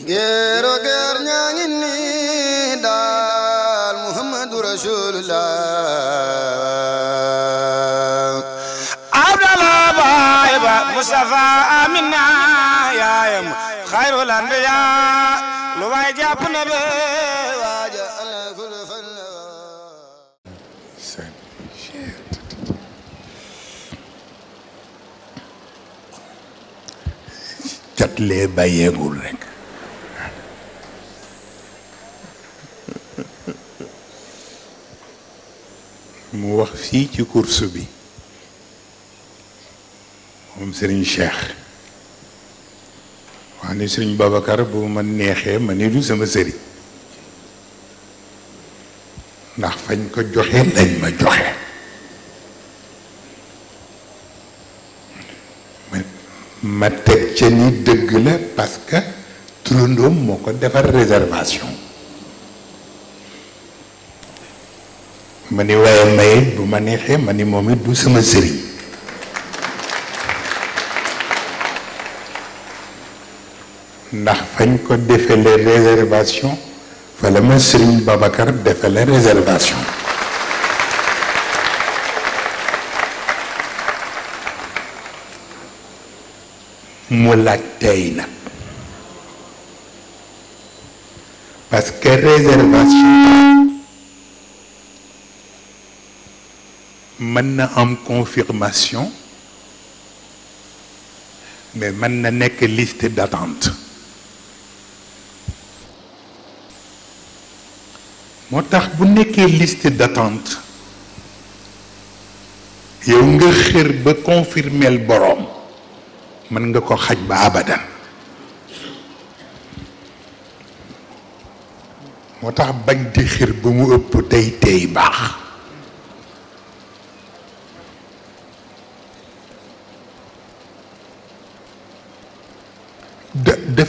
geero geer ñaa ngi nii daal muhammadu rasulullah abdallah baay ba mustafa amina yaayam xayrul anbiya lu waay jàpp na be waaja allah kul fan cat lee bàyyeegul rek mu wax fii ci course bi moom sëriñ Cheikh wax ne sëriñ Babacar bu ma neexee ma ne du sama séri ndax fañ ko joxe lañ ma joxe ma teg ca ni dëgg la parce que turandoom moo ko defar réservation ma ni waaye mayit bu ma neexee ma ni moom it du sama sëriñ ndax fañ ko defele réservation fa la ma sëriñ Babacar defele réservation mu laaj tey nag parce réservation mën na am confirmation mais mën na nekk list d'attente moo tax bu nekkee liste d'attente yow nga xër ba confirmeel boroom mën nga ko xaj ba abadan moo tax bañ di xër ba mu ëpp day tey baax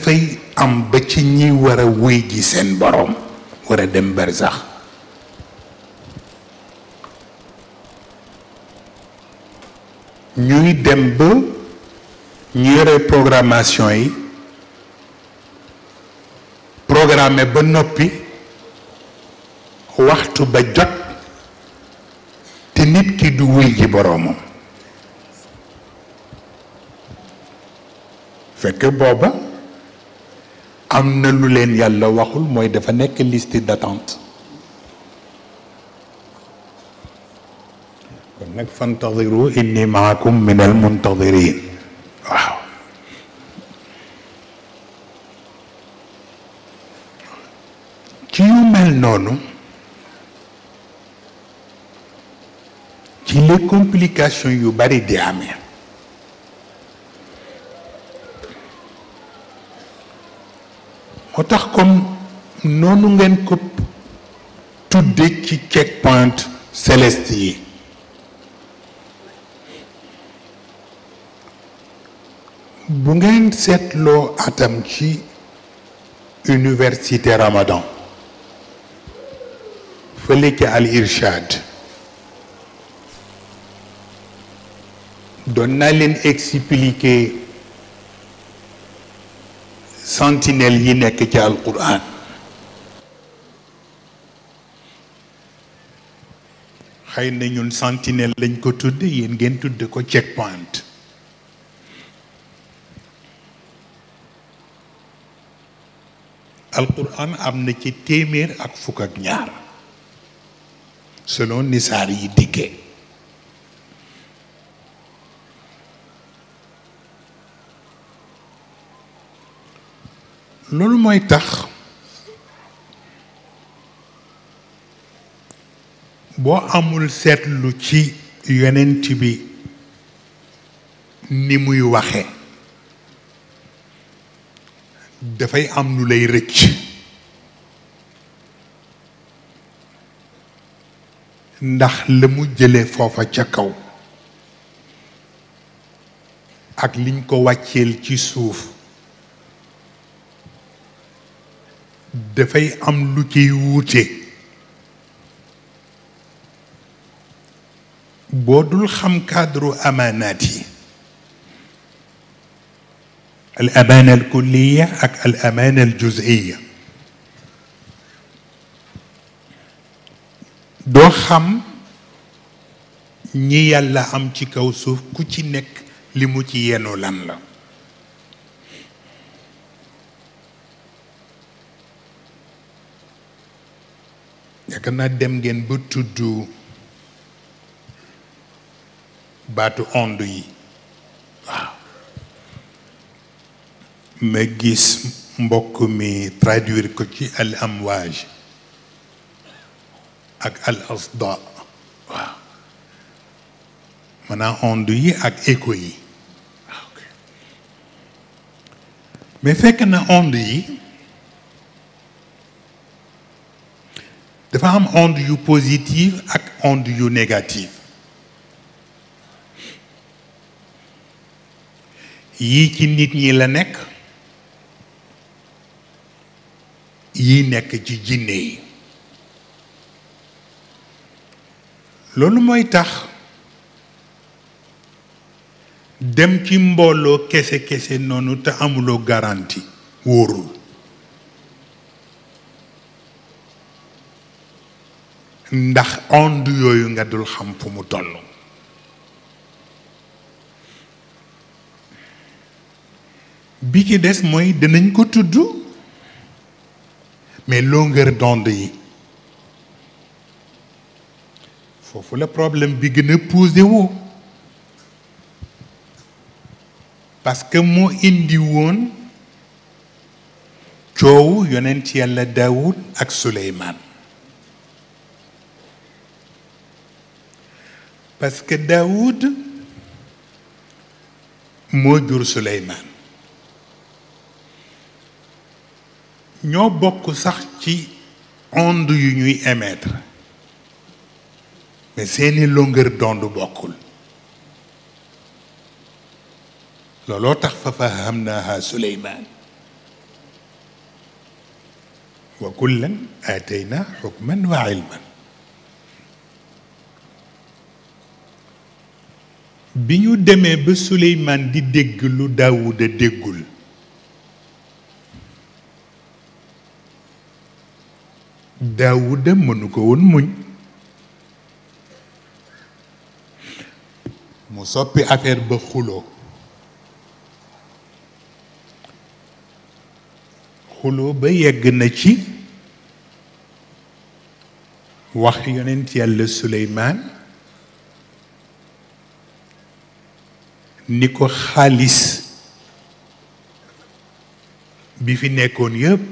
dafay am ba ci ñi war a wuy ji seen boroom wara a dem barsax ñuy dem ba ñu yore programmation yi programme ba noppi waxtu ba jot te nit ki du wuy ji boroomam fekk booba am na lu leen yàlla waxul mooy dafa nekk liste d'attente kon nag fantadiru inni maakum min al muntadirin ci yu mel noonu ci les complications yu bari di amee moo tax comme noonu ngeen ko tudde ci check point céleste yi bu ngeen seetloo atam ci université Ramadan fële ca al irshad doon naa leen expliquer sentinelle yi nekk ci alquran xëy na ñun sentinelle lañ ko tudd yéen ngeen tudd ko checkpoint alquran am na ci téeméer ak fukk ak ñaar selon nisaar yi dikkee loolu mooy tax boo amul seetlu ci yonent bi ni muy waxe dafay am lu lay rëcc ndax la mu jële foofa ca kaw ak liñ ko wàcceel ci suuf dafay am lu ciy wuute boo dul xam cadre amaanaat yi al amaana al kulliya ak al amaana al juziya doo xam ñi yàlla am ci kaw suuf ku ci nekk li mu ci yenu lan la yaakaar naa dem ngeen ba tudd baatu onde yi waaw ma gis mbokk mi traduire ko ci al amwaaj ak al asda waaw maanaam onde yi ak écho yi mais fekk na onde yi dafa am onde yu positive ak onde yu négative yii ci nit ñi la nekk yi nekk ci jinne yi loolu mooy tax dem ci mbooloo kese kese noonu te amuloo garanti wóorul ndax onde yooyu nga dul xam fu mu toll bi ci des mooy dinañ ko tudd mais longueur d'onde yi foofu la problème bi gën a posé wu parce que moo indi woon coow yonent yàlla Daawud ak Suleymaan parce que Daoud moo jur Suleymaan ñoo bokk sax ci onde yu ñuy émettre mais seeni longueur d'onde bokkul looloo tax fa fahamnaha Suleymaan wa kullan aatayna xukman wa ilman bi ñu demee ba Suleymaan di dégg lu Daawuda déggul Daawuda mënu ko woon muñ mu soppi affaire ba xuloo xuloo ba yegg na ci wax yonent yàlla Suleymaan ni ko xaalis bi fi nekkoon yépp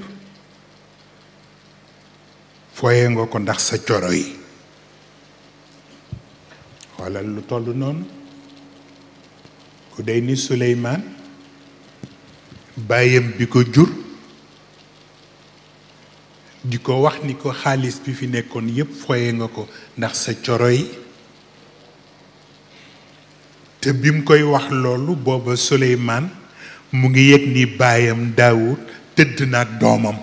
fooye nga ko ndax sa coro yi walla lu toll noonu ku day ni Suleymaan bàyyam bi ko jur di ko wax ni ko xaalis bi fi nekkoon yépp fooye nga ko ndax sa coro yi te bi mu koy wax loolu booba Suleymaan mu ngi yëg ni baayam Daawud tëdd na ak doomam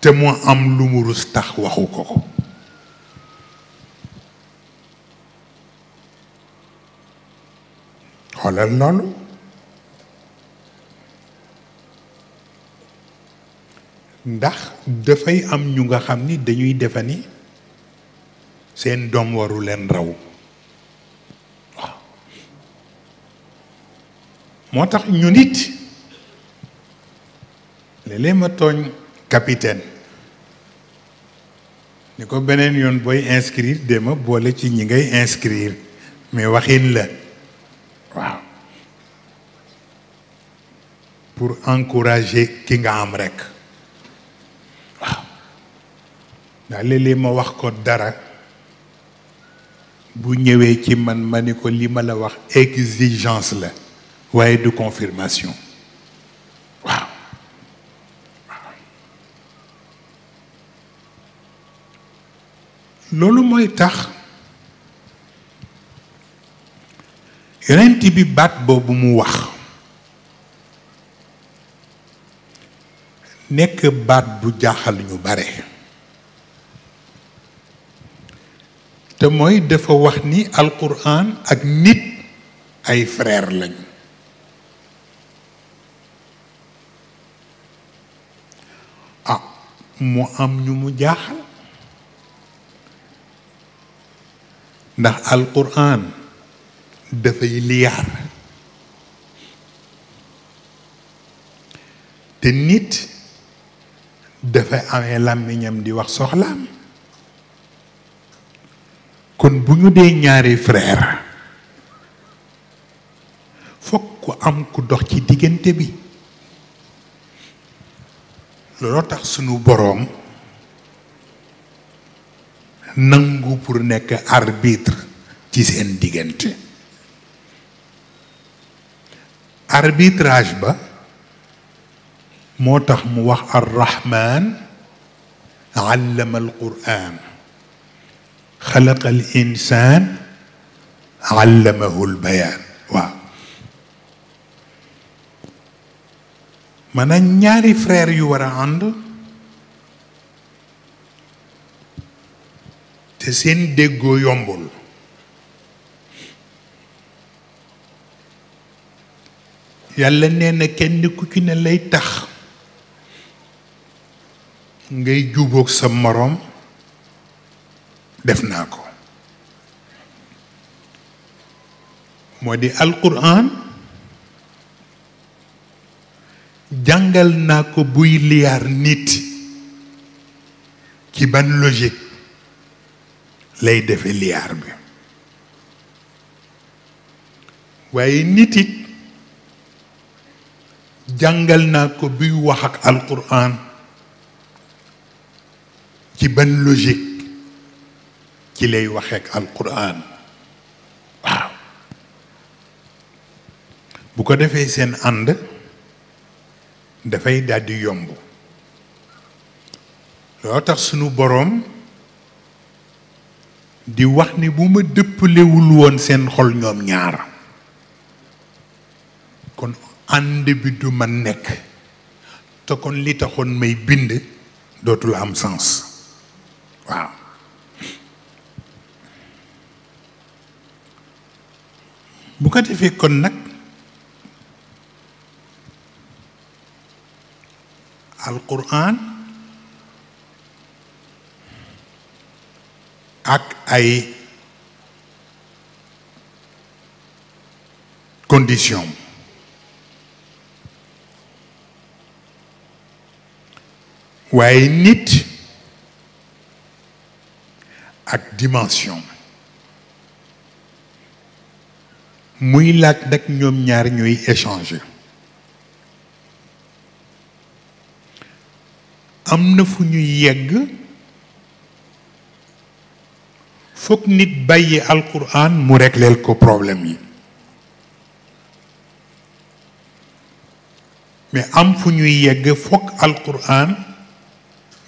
te mu am lu mu rus tax waxu ko ko xoolal loolu ndax dafay am ñu nga xam ni dañuy defa ni seen doom waru leen raw moo tax ñu nit léeg-léeg ma tooñ capitaine ni ko beneen yoon booy inscrire dema boole ci ñi ngay inscrire mais waxin la waaw pour encourager ki nga am rekk waaw ndax léeg-léeg ma wax ko dara bu ñëwee ci man ma ni ko li ma la wax exigence la waaye du confirmation loolu mooy tax yonent bi baat boobu mu wax nekk baat bu jaaxal ñu bare te mooy dafa wax ni alquran ak nit ay frère lañu ah mu am ñu mu jaaxal ndax alquran dafay liyaar te nit dafa amee làmmiñam di wax soxlaam kon bu ñu dee ñaari freer fokk ku am ku dox ci diggante bi looloo tax sunu boroom nangu pour nekk arbitre ci seen diggante arbitrage ba moo tax mu wax arrahman allama alquran xalaqal insaan allamahul bayaan waaw ñaari frère yu war a ànd te seen déggoo yombul yàlla nee na kenn ku ci ne lay tax ngay jubóog sa moroom def naa ko moo di alquran jàngal naa ko buy liyaar nit ci ban logique lay defe liyaar bi waaye nit jàngal naa ko buy wax ak alquran ci ban logique ci lay waxeek alquran waaw bu ko defee seen ànd dafay daldi yomb loo tax sunu boroom di wax ni bu ma dëppalewul woon seen xol ñoom ñaar kon ànd bi du ma nekk te kon li taxoon may bind dootul am sens waaw bu ko defee kon nag alquran ak ay condition waaye nit ak dimension muy laaj nag ñoom ñaar ñuy échanger am na fu ñuy yegg foog nit bàyyi alquran mu régleel ko problème yi mais am fu ñuy yegg foog alquran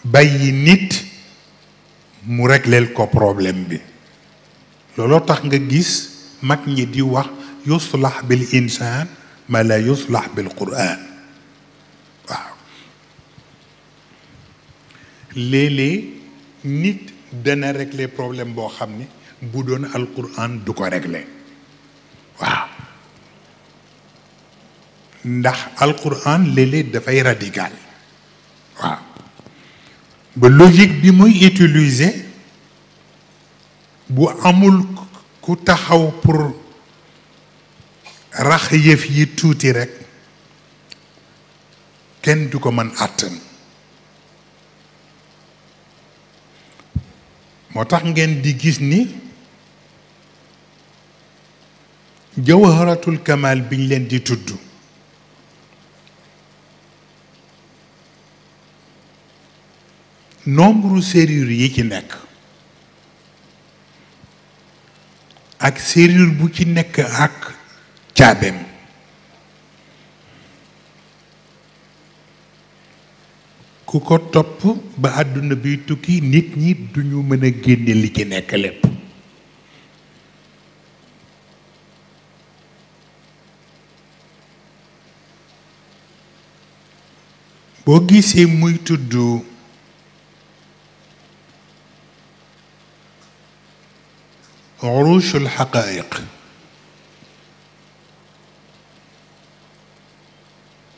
bàyyi nit mu régleel ko problème bi looloo tax nga gis mag ñi di wax yuslax bil insaan ma la yuslax bil quraan waaw léeg-léeg nit dana régler problème boo xam ne bu doon alquran du ko régler waaw ndax alquran léeg-léeg dafay radical waaw ba logique bi muy utiliser bu amul ku taxaw pour rax yi tuuti rekk kenn du ko mën àttan moo tax ngeen di gis ni jawharatul kamal biñ leen di tudd nombre serrure yi ci nekk ak serrure bu ci nekk àkk caabeem ku ko topp ba àdduna bi tukki nit ñi duñu mën a génne li ci nekk lépp boo gisee muy tudd urushul xaqaayiq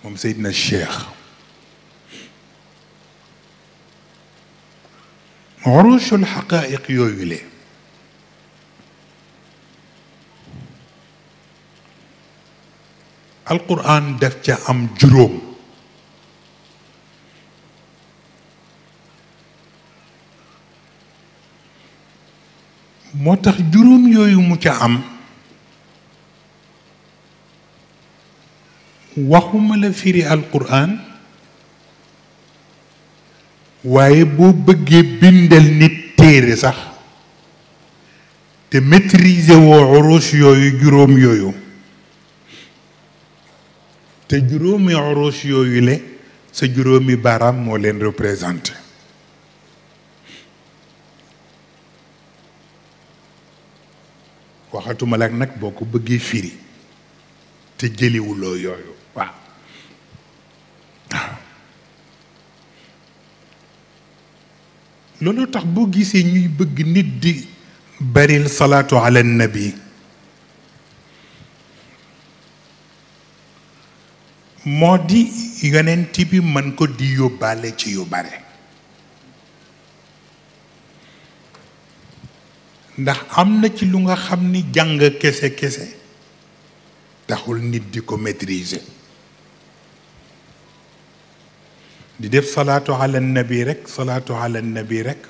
moom Seydina Cheikh uruusul xaqaayiq yooyu le alquran def ca am juróom moo tax juróom yooyu mu ca am waxuma la firi alquran waaye boo bëggee bindal nit téere sax te maîtriser woo urus yooyu juróom yooyu te juróomi urus yooyu le sa juróomi baaraam moo leen représenté waxatuma la nag boo ko bëggee firi te jëliwuloo yooyu looloo tax boo gisee ñuy bëgg nit di baril salaatu ala nabi moo di yonent bi mën ko di yóbbaale ci yu bare ndax am na ci lu nga xam ni jàng kese kese taxul nit di ko maîtriser di def salaatu ala nabi rek salaatu ala nabi rek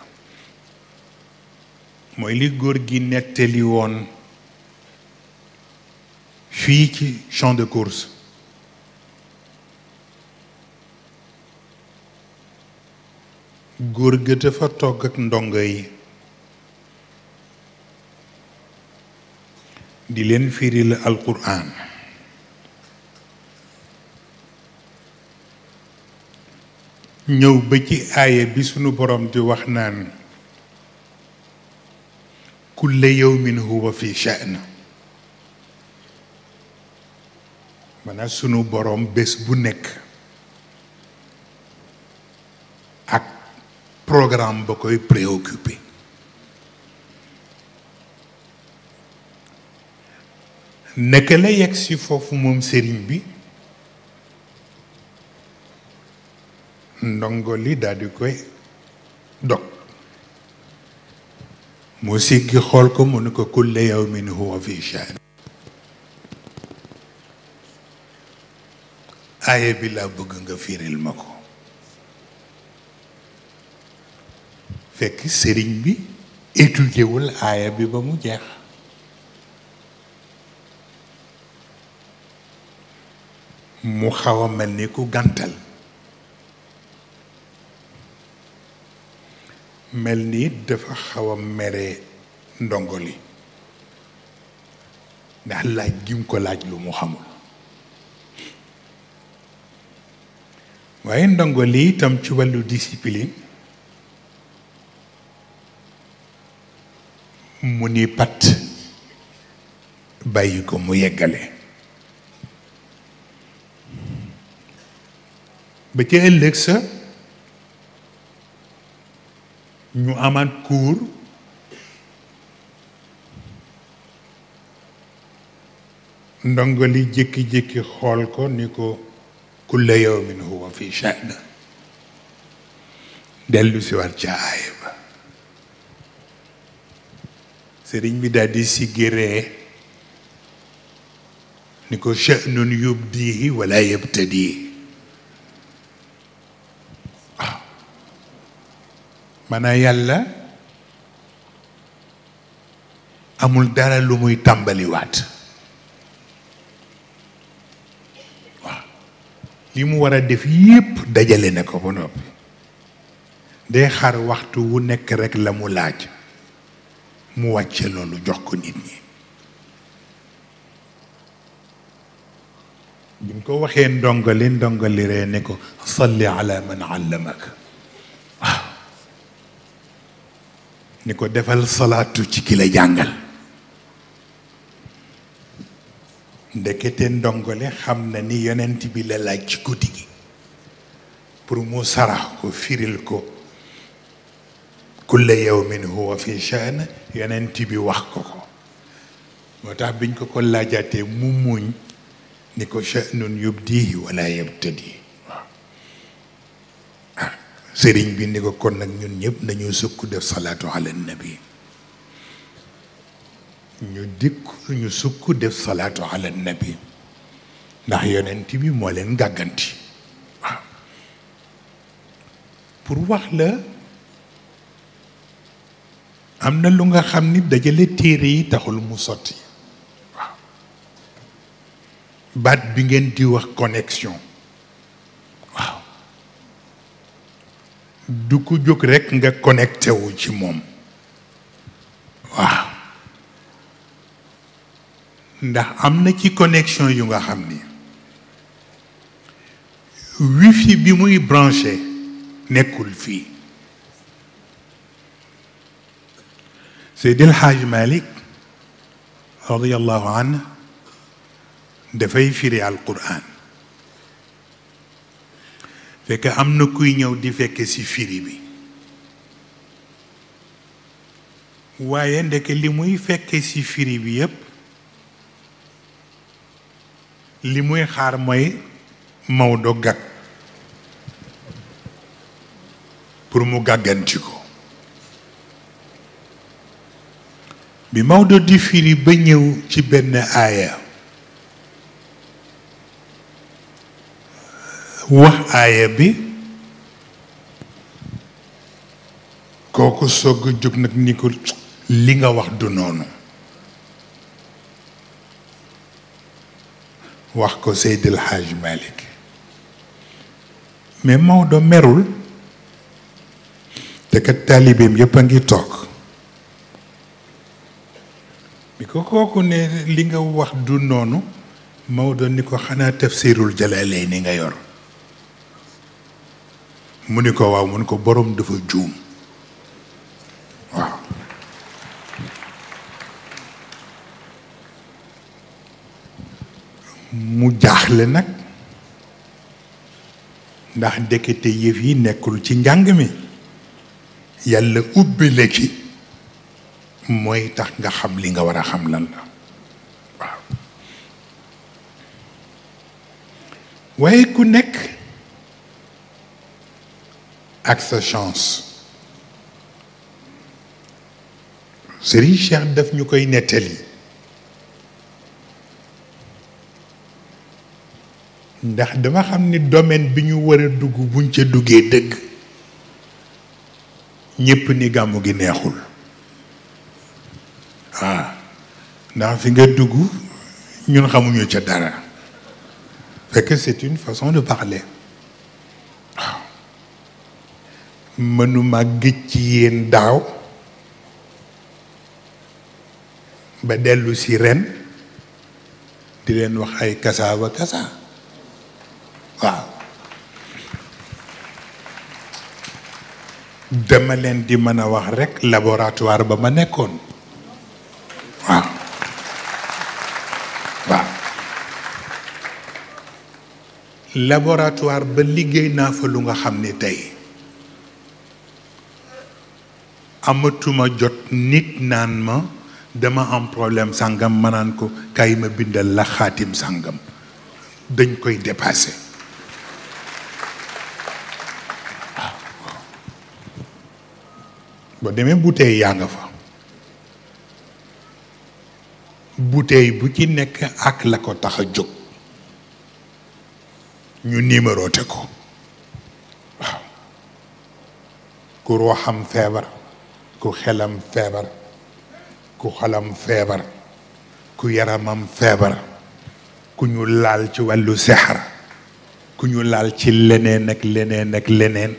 mooy li góor gi nettali woon fii ci champ de course góor ga dafa togg ak ndongo yi di leen firil alquran ñëw ba ci aaya bi sunu boroom di wax naan kulla yawmin huwa fi sha'n maanaam sunu borom bés bu nekk ak programme ba koy préoccupé naka la yegg ci foofu moom sëriñ bi ndongo li daal di koy dog mu siggi xool ko mu ne ko mi yawmin huwa fi shaan aaye bi laa bëgg nga firil ma ko fekk sëriñ bi étudier wul aaya bi ba mu jeex mu xawa mel ni ku gàntal mel ni dafa xaw mere ndongo li ndax laaj gi mu ko laaj lu mu xamul waaye ndongo li itam ci wàllu discipline mu ni pat bàyyi ko mu yeggale ba ca ëllëg sa ñu amaat cours ndongo li jékki-jékki xool ko ni ko kulla yawmin huwa fi sha'na dellu si ca aaya ba sëriñ bi daldi siggiree ni ko sha'nun yubdihi wala yabtadihi maanaa yàlla amul dara lu muy tàmbaliwaat waaw li mu war a def yépp dajale na ko ba noppi day xaar waxtu wu nekk rekk la mu laaj mu wàcce loolu jox ko nit ñi bi mu ko waxee ndongali ndongali ree ne ko salli ala man allamaka ni ko defal salaatu ci ki la jàngal ndekete ndongole xam na ni yonent bi la laaj ci guddi gi pour mu sarax ko firil ko kulla yawmin huwa fi shaan yonent bi wax ko ko moo tax biñ ko ko laajaatee mu muuñ ni ko shaanun yubdihi wala yabtadi sëriñ bi ni ko kon nag ñun ñëpp nañu sukk def salaatu ala nabi ñu dikk ñu sukk def salaatu ala nabi ndax yonent bi moo leen gàgganti pour wax la am na lu nga xam ni dajale téere yi taxul mu sotti waaw baat bi ngeen di wax connexion du ko jóg rekk nga connecté wu ci moom waaw ndax am na ci connexion yu nga xam ni wifi bi muy branché nekkul fii Seydi El Hadj Malick radiyallahu dafay firi al Quraan fekk am na kuy ñëw di fekke ci firi bi waaye ndeke li muy fekke ci firi bi yépp li muy xaar mooy Maodo gàgg pour mu gàgganti ko bi Maodo di firi ba ñëw ci benn aaya wax aaya bi kooku soog a jóg nag ni ko li nga wax du noonu wax ko Seydil Hadj Malick mais Maodo merul te kat taalibeem yépp a ngi toog bi ko kooku ne li nga wax du noonu Maodo ni ko xanaa tafsirul Jalalayn ni nga yor mu ni ko waaw mu ko boroom dafa juum waaw mu jaaxle nag ndax ndekete yëf yi nekkul ci njàng mi yàlla ubbi la ki mooy tax nga xam li nga war a xam lan la waaw waaye ku nekk ak sa chance Serigne Cheikh def ñu koy nettali ndax dama xam ni domaine bi ñu war a dugg buñ ca duggee dëgg ñépp ni gàmmu gi neexul waaw ah, ndax fi nga dugg ñun xamuñu ca dara fekk c'est une façon de parler mënuma gëj ci daaw ba dellusi ren di leen wax ay kasaaba kasa waaw dama leen di mën a wax rekk laboratoire ba ma nekkoon waaw waaw laboratoire ba liggéey naa fa lu nga xam ni tey amatuma jot nit naan ma dama am problème sàngam ma naan ko kaay ma bindal la xaatim sàngam dañ koy dépassé waaw boo demee bouteille yaa nga fa bouteille bu ci nekk ak la ko tax a jóg ñu numéroté ko waaw ku roo xam feebar ku xelam feebar ku xolam feebar ku yaramam feebar ku ñu laal ci wàllu sexar ku ñu laal ci leneen ak leneen ak leneen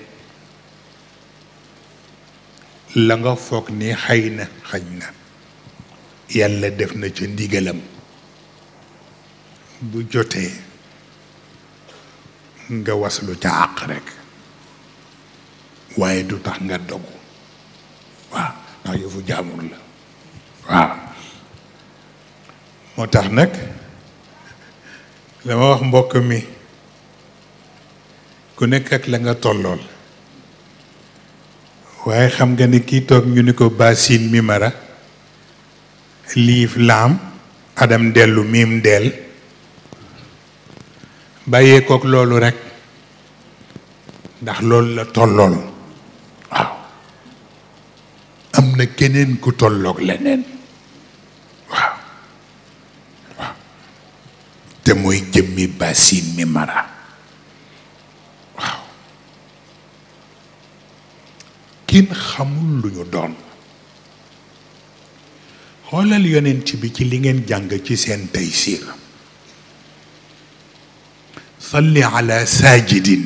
la nga foog ni xëy na xëy na yàlla def na ca ndigalam bu jotee nga waslu ca àq rekk waaye du tax nga dog waaw ndax yëfu jaamur la waaw moo tax nag dama wax mbokk mi ku nekk ak la nga tollool waaye xam nga ni kii toog ñu ni ko basin mimara liif laam adam dellu miim del bàyyee kook loolu rekk ndax loolu la tollool keneen ku tolloog leneen waaw te mooy jëmmi basin mi mara waaw kin xamul lu ñu doon xoolal yonent bi ci li ngeen jàng ci seen taysir salli ala saajidin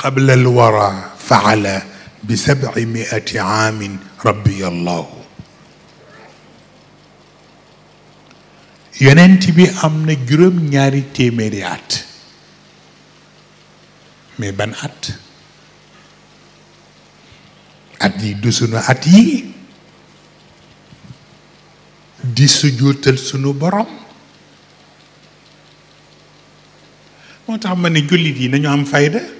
qabla alwara fa ala bi sabi miati aamin rabbi allahu yonent bi am na juróom ñaari téeméeri at mais ban at at yi du sunu at yi di sujootal sunu borom moo tax ma ne jullit yi nañu am fayda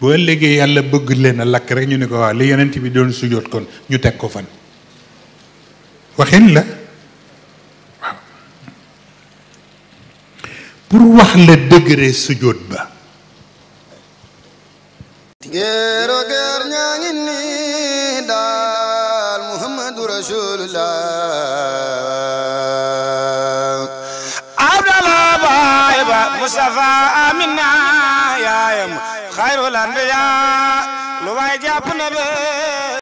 boo ëllëgee yàlla bëgg leen a lakk rek ñu ne ko waaw li yonent bi doon sujjóot kon ñu teg ko fan waxin la pour wax la degré sujjóot ba Hollandia lu waay jàpp na be